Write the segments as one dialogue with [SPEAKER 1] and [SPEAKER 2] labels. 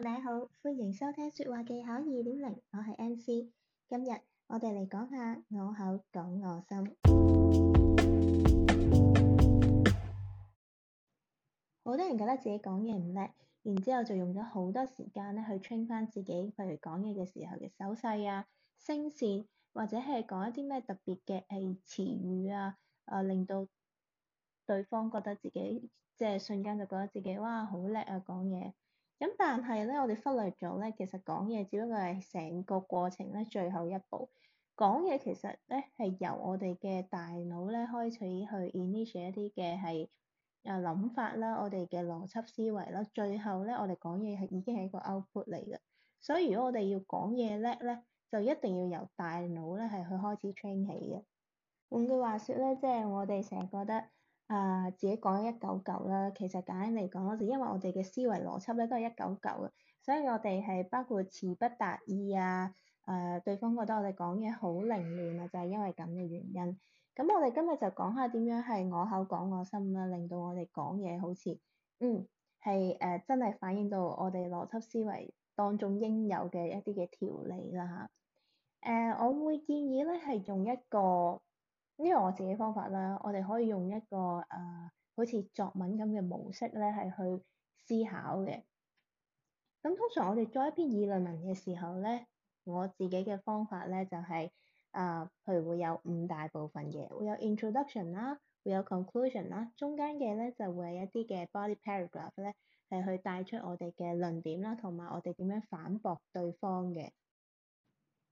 [SPEAKER 1] 你好，歡迎收聽說話技巧二點零，我係 MC，今日我哋嚟講下我口講我心。好多人覺得自己講嘢唔叻，然之後就用咗好多時間去 train 翻自己，譬如講嘢嘅時候嘅手勢啊、聲線，或者係講一啲咩特別嘅係詞語啊、呃，令到對方覺得自己即係瞬間就覺得自己哇好叻啊講嘢。咁但係咧，我哋忽略咗咧，其實講嘢只不過係成個過程咧，最後一步。講嘢其實咧係由我哋嘅大腦咧開始去 initiate 一啲嘅係啊諗法啦，我哋嘅邏輯思維啦，最後咧我哋講嘢係已經係一個 output 嚟嘅。所以如果我哋要講嘢叻咧，就一定要由大腦咧係去開始 train 起嘅。換句話說咧，即係我哋成日覺得。啊，uh, 自己講一舊舊啦。其實簡單嚟講，就因為我哋嘅思維邏輯咧都係一舊舊嘅，所以我哋係包括詞不達意啊。誒、呃，對方覺得我哋講嘢好凌亂啊，就係、是、因為咁嘅原因。咁我哋今日就講下點樣係我口講我心啦、啊，令到我哋講嘢好似，嗯，係誒、呃、真係反映到我哋邏輯思維當中應有嘅一啲嘅條理啦嚇。誒、呃，我會建議咧係用一個。呢個我自己方法啦，我哋可以用一個誒、呃，好似作文咁嘅模式咧，係去思考嘅。咁通常我哋作一篇議論文嘅時候咧，我自己嘅方法咧就係、是、誒，譬如、呃、會有五大部分嘅，會有 introduction 啦，會有 conclusion 啦，中間嘅咧就會係一啲嘅 body paragraph 咧，係去帶出我哋嘅論點啦，同埋我哋點樣反駁對方嘅。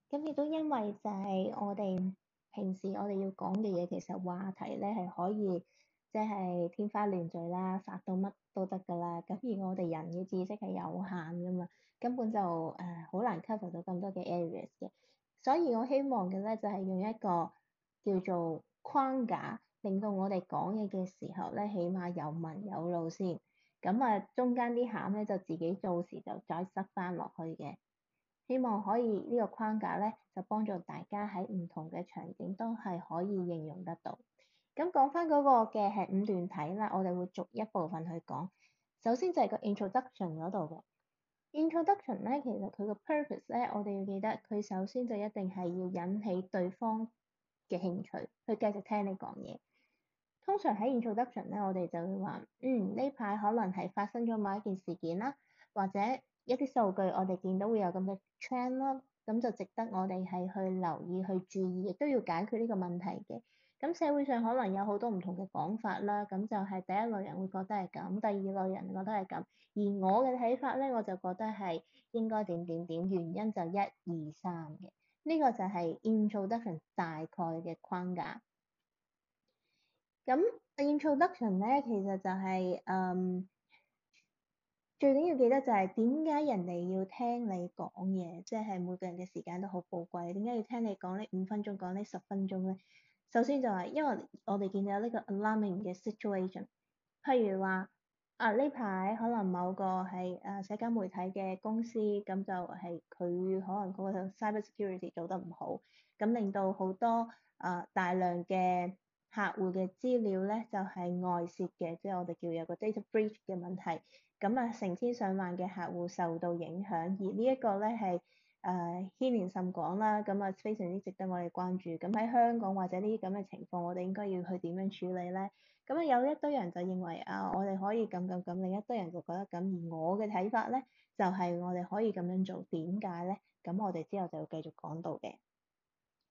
[SPEAKER 1] 咁亦都因為就係我哋。平時我哋要講嘅嘢，其實話題咧係可以即係、就是、天花亂墜啦，發到乜都得噶啦。咁而我哋人嘅知識係有限噶嘛，根本就誒好、呃、難 cover 到咁多嘅 areas 嘅。所以我希望嘅咧就係、是、用一個叫做框架，令到我哋講嘢嘅時候咧，起碼有紋有路先。咁啊，中間啲餡咧就自己做時就再塞翻落去嘅。希望可以呢個框架呢，就幫助大家喺唔同嘅場景都係可以應用得到。咁講翻嗰個嘅係五段體啦，我哋會逐一部分去講。首先就係個 introduction 嗰度嘅 introduction 呢，其實佢個 purpose 呢，我哋要記得，佢首先就一定係要引起對方嘅興趣，去繼續聽你講嘢。通常喺 introduction 呢，我哋就會話，嗯，呢排可能係發生咗某一件事件啦，或者。一啲數據，我哋見到會有咁嘅 trend 咯，咁就值得我哋係去留意、去注意，亦都要解決呢個問題嘅。咁社會上可能有好多唔同嘅講法啦，咁就係第一類人會覺得係咁，第二類人覺得係咁，而我嘅睇法咧，我就覺得係應該點點點，原因就一二三嘅。呢、這個就係 introduction 大概嘅框架。咁 introduction 咧，其實就係、是、誒。嗯最緊要記得就係點解人哋要聽你講嘢，即係每個人嘅時間都好寶貴，點解要聽你講呢五分鐘講呢十分鐘咧？首先就係、是、因為我哋見到呢個 alarming 嘅 situation，譬如話啊呢排可能某個係誒社交媒體嘅公司，咁就係佢可能嗰個 cyber security 做得唔好，咁令到好多啊大量嘅客戶嘅資料咧就係外泄嘅，即係我哋叫有個 data breach 嘅問題。咁啊，成千上萬嘅客戶受到影響，而呢一個咧係誒牽連甚廣啦。咁啊，非常之值得我哋關注。咁喺香港或者呢啲咁嘅情況，我哋應該要去點樣處理咧？咁啊，有一堆人就認為啊，我哋可以咁咁咁，另一堆人就覺得咁。而我嘅睇法咧，就係我哋可以咁樣做，點解咧？咁我哋之後就要繼續講到嘅。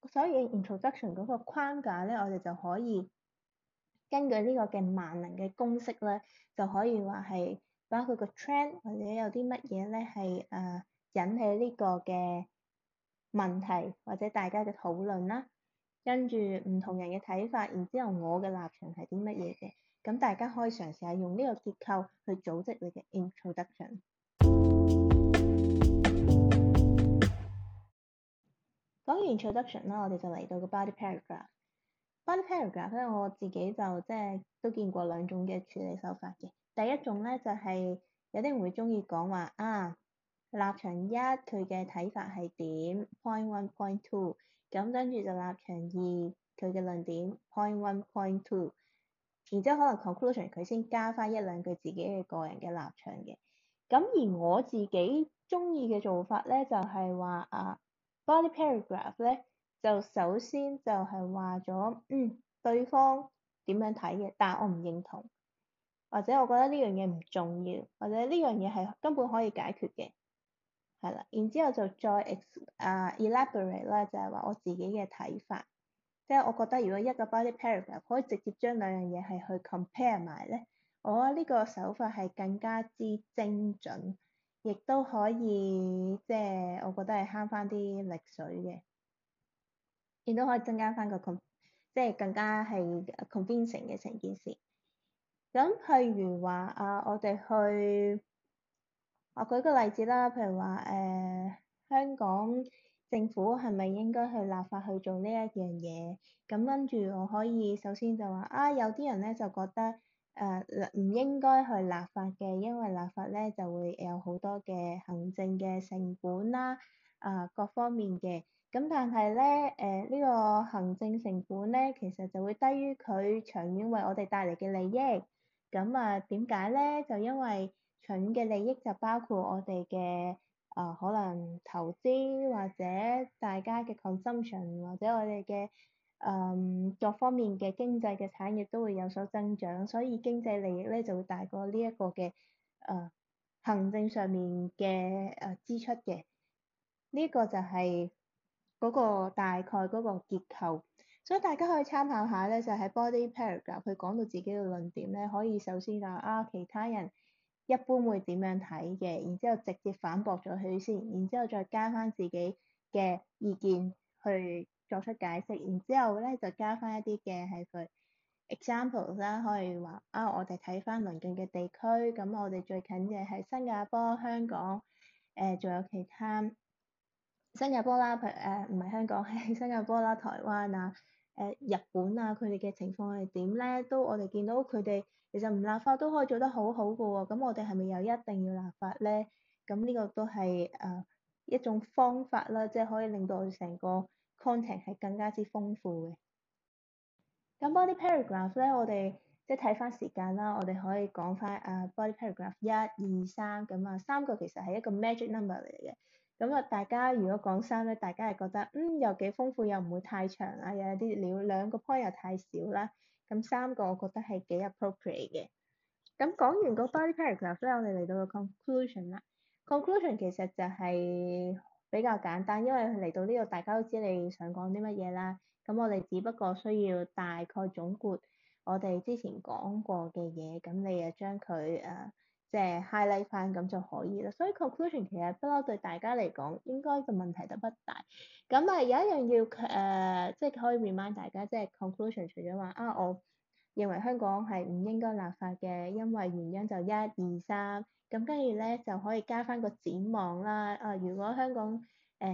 [SPEAKER 1] 所以 introduction 嗰個框架咧，我哋就可以根據呢個嘅萬能嘅公式咧，就可以話係包括個 trend 或者有啲乜嘢咧係誒引起呢個嘅問題或者大家嘅討論啦，跟住唔同人嘅睇法，然之後我嘅立場係啲乜嘢嘅，咁大家可以嘗試下用呢個結構去組織你嘅 introduction。講完 introduction 啦，我哋就嚟到個 body paragraph。body paragraph，咧，我自己就即係都見過兩種嘅處理手法嘅。第一種咧就係、是、有啲人會中意講話啊，立場一佢嘅睇法係點，point one point two，咁跟住就立場二佢嘅論點，point one point two。然之後可能 conclusion 佢先加翻一兩句自己嘅個人嘅立場嘅。咁而我自己中意嘅做法咧就係、是、話啊。Body paragraph 咧就首先就係話咗，嗯，對方點樣睇嘅，但係我唔認同，或者我覺得呢樣嘢唔重要，或者呢樣嘢係根本可以解決嘅，係啦，然之後就再 ex 啊、uh, elaborate 啦，就係話我自己嘅睇法，即係我覺得如果一個 body paragraph 可以直接將兩樣嘢係去 compare 埋咧，我覺得呢個手法係更加之精準。亦都可以，即係我覺得係慳翻啲力水嘅，亦都可以增加翻個 con，即係更加係 convincing 嘅成件事。咁譬如話啊，我哋去，我舉個例子啦，譬如話誒、呃，香港政府係咪應該去立法去做呢一樣嘢？咁跟住我可以首先就話啊，有啲人咧就覺得。誒唔、uh，應該去立法嘅，因為立法咧就會有好多嘅行政嘅成本啦、啊，啊、呃、各方面嘅，咁但係咧誒呢、呃這個行政成本咧，其實就會低於佢長遠為我哋帶嚟嘅利益，咁啊點解咧？就因為長遠嘅利益就包括我哋嘅啊可能投資或者大家嘅 consumption 或者我哋嘅。嗯，um, 各方面嘅經濟嘅產業都會有所增長，所以經濟利益咧就會大過呢一個嘅誒、呃、行政上面嘅誒、呃、支出嘅。呢、這個就係嗰個大概嗰個結構，所以大家可以參考下咧，就喺、是、body paragraph 佢講到自己嘅論點咧，可以首先就話啊其他人一般會點樣睇嘅，然之後直接反駁咗佢先，然之後再加翻自己嘅意見去。作出解釋，然之後咧就加翻一啲嘅係佢 example 啦，可以話啊、哦，我哋睇翻鄰近嘅地區，咁我哋最近嘅係新加坡、香港，誒、呃、仲有其他新加坡啦，譬如唔係香港係新加坡啦、台灣、呃、啊、誒日本啊，佢哋嘅情況係點咧？都我哋見到佢哋其實唔立法都可以做得好好嘅喎，咁我哋係咪又一定要立法咧？咁呢個都係誒、呃、一種方法啦，即係可以令到我哋成個。content 係更加之豐富嘅。咁 body paragraph 咧，我哋即係睇翻時間啦，我哋可以講翻啊 body paragraph 一、二、三。咁啊，三個其實係一個 magic number 嚟嘅。咁啊，大家如果講三咧，大家係覺得嗯又幾豐富又唔會太長啊，又有啲料。兩個 point 又太少啦、啊，咁三個我覺得係幾 appropriate 嘅。咁講完個 body paragraph 咧，我哋嚟到個 conclusion 啦。conclusion 其實就係、是。比較簡單，因為佢嚟到呢度，大家都知你想講啲乜嘢啦。咁我哋只不過需要大概總括我哋之前講過嘅嘢，咁你又將佢誒即係 highlight 翻咁就可以啦。所以 conclusion 其實不嬲對大家嚟講，應該個問題都不大。咁啊有一樣要誒，即係可以 remind 大家，即係 conclusion 除咗話啊我。認為香港係唔應該立法嘅，因為原因就一、二、三，咁跟住咧就可以加返個展望啦。啊，如果香港誒唔、呃、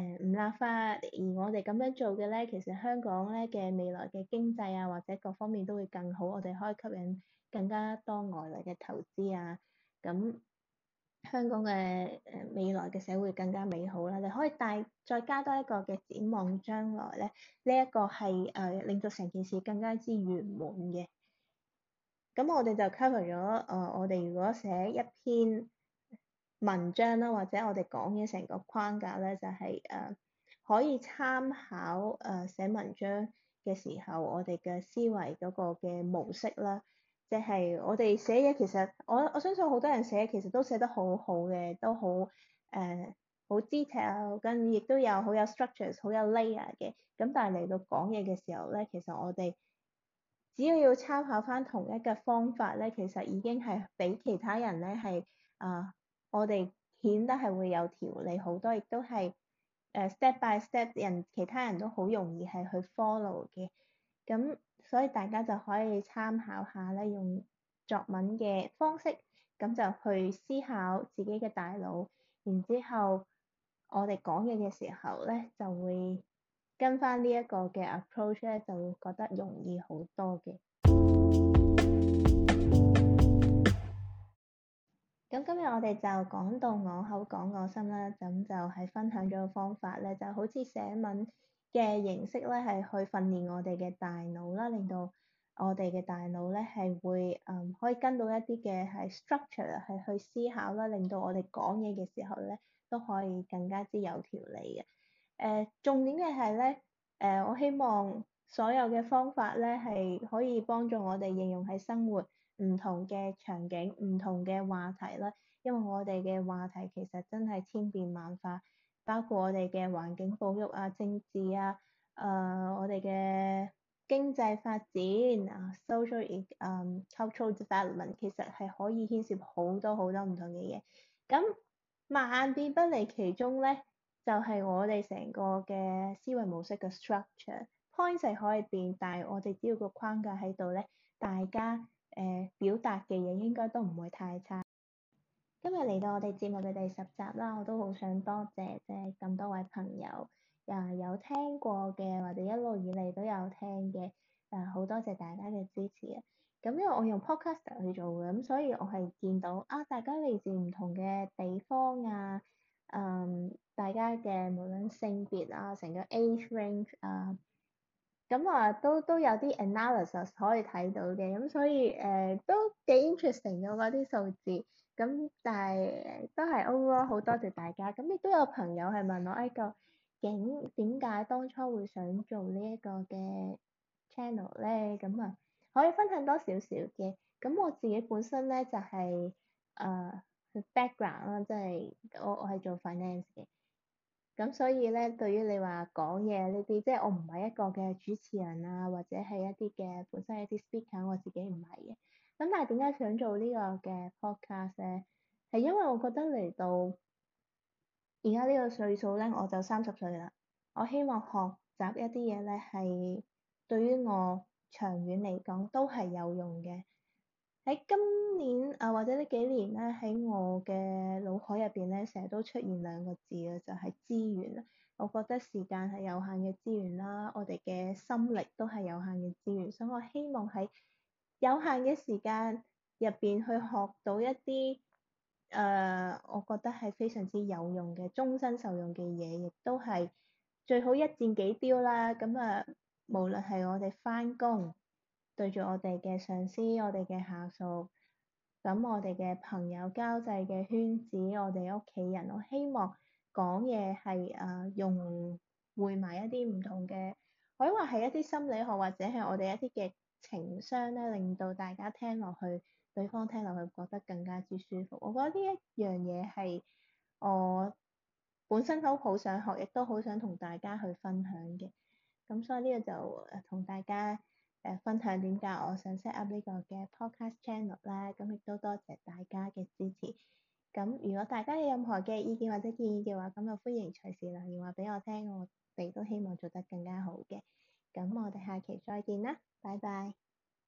[SPEAKER 1] 立法，而我哋咁樣做嘅咧，其實香港咧嘅未來嘅經濟啊，或者各方面都會更好，我哋可以吸引更加多外來嘅投資啊，咁香港嘅誒、呃、未來嘅社會更加美好啦。你可以帶再加多一個嘅展望將呢，將來咧呢一個係誒、呃、令到成件事更加之圓滿嘅。咁我哋就 cover 咗，誒、呃、我哋如果寫一篇文章啦，或者我哋講嘢成個框架咧，就係、是、誒、呃、可以參考誒、呃、寫文章嘅時候我哋嘅思維嗰個嘅模式啦。即、就、係、是、我哋寫嘢其實我，我我相信好多人寫其實都寫得好好嘅，都好誒好 detail，跟住亦都有好有 structures，好有 layer 嘅。咁但係嚟到講嘢嘅時候咧，其實我哋只要要參考翻同一個方法咧，其實已經係比其他人咧係啊，我哋顯得係會有條理好多，亦都係誒、呃、step by step 人其他人都好容易係去 follow 嘅。咁所以大家就可以參考下咧，用作文嘅方式咁就去思考自己嘅大腦，然之後我哋講嘢嘅時候咧就會。跟翻呢一個嘅 approach 咧，就會覺得容易好多嘅。咁 今日我哋就講到我口講我心啦，咁就係分享咗個方法咧，就好似寫文嘅形式咧，係去訓練我哋嘅大腦啦，令到我哋嘅大腦咧係會嗯可以跟到一啲嘅係 structure 係去思考啦，令到我哋講嘢嘅時候咧都可以更加之有條理嘅。誒、呃、重點嘅係咧，誒、呃、我希望所有嘅方法咧係可以幫助我哋應用喺生活唔同嘅場景、唔同嘅話題啦。因為我哋嘅話題其實真係千變萬化，包括我哋嘅環境保育啊、政治啊、誒、呃、我哋嘅經濟發展啊、social 嗯 cultural development 其實係可以牽涉好多好多唔同嘅嘢。咁萬變不離其中咧。就係我哋成個嘅思維模式嘅 structure，point 係可以變，但係我哋只要個框架喺度咧，大家誒、呃、表達嘅嘢應該都唔會太差。今日嚟到我哋節目嘅第十集啦，我都好想多謝即係咁多位朋友，啊、呃、有聽過嘅，或者一路以嚟都有聽嘅，啊、呃、好多謝大家嘅支持啊！咁因為我用 podcast 去做嘅，咁所以我係見到啊大家嚟自唔同嘅地方啊，嗯。大家嘅無論性別啊，成個 age range 啊，咁啊都都有啲 analysis 可以睇到嘅。咁、嗯、所以誒、呃、都幾 interesting 嘅、啊、嗰啲數字，咁、嗯、但係都係 overall 好多謝大家，咁、嗯、亦都有朋友係問我誒究竟點解當初會想做呢一個嘅 channel 咧，咁、嗯、啊可以分享多少少嘅，咁、嗯、我自己本身咧就係、是、啊。呃 background 啦，即係我我係做 finance 嘅，咁所以咧，對於你話講嘢呢啲，即係我唔係一個嘅主持人啊，或者係一啲嘅本身係一啲 speaker，我自己唔係嘅。咁但係點解想做呢個嘅 podcast 咧？係因為我覺得嚟到而家呢個歲數咧，我就三十歲啦。我希望學習一啲嘢咧，係對於我長遠嚟講都係有用嘅。喺今年啊，或者呢幾年咧，喺我嘅腦海入邊咧，成日都出現兩個字啊，就係、是、資源啦。我覺得時間係有限嘅資源啦，我哋嘅心力都係有限嘅資源，所以我希望喺有限嘅時間入邊去學到一啲誒、呃，我覺得係非常之有用嘅，終身受用嘅嘢，亦都係最好一箭幾雕啦。咁啊，無論係我哋翻工。對住我哋嘅上司、我哋嘅下屬，咁我哋嘅朋友交際嘅圈子、我哋屋企人，我希望講嘢係誒用匯埋一啲唔同嘅，可以話係一啲心理學或者係我哋一啲嘅情商咧，令到大家聽落去，對方聽落去覺得更加之舒服。我覺得呢一樣嘢係我本身都好想學，亦都好想同大家去分享嘅。咁所以呢個就誒同、呃、大家。誒分享點解我想 set up 呢個嘅 podcast channel 啦，咁亦都多謝大家嘅支持。咁如果大家有任何嘅意見或者建議嘅話，咁就歡迎隨時留言話俾我聽。我哋都希望做得更加好嘅。咁我哋下期再見啦，拜拜。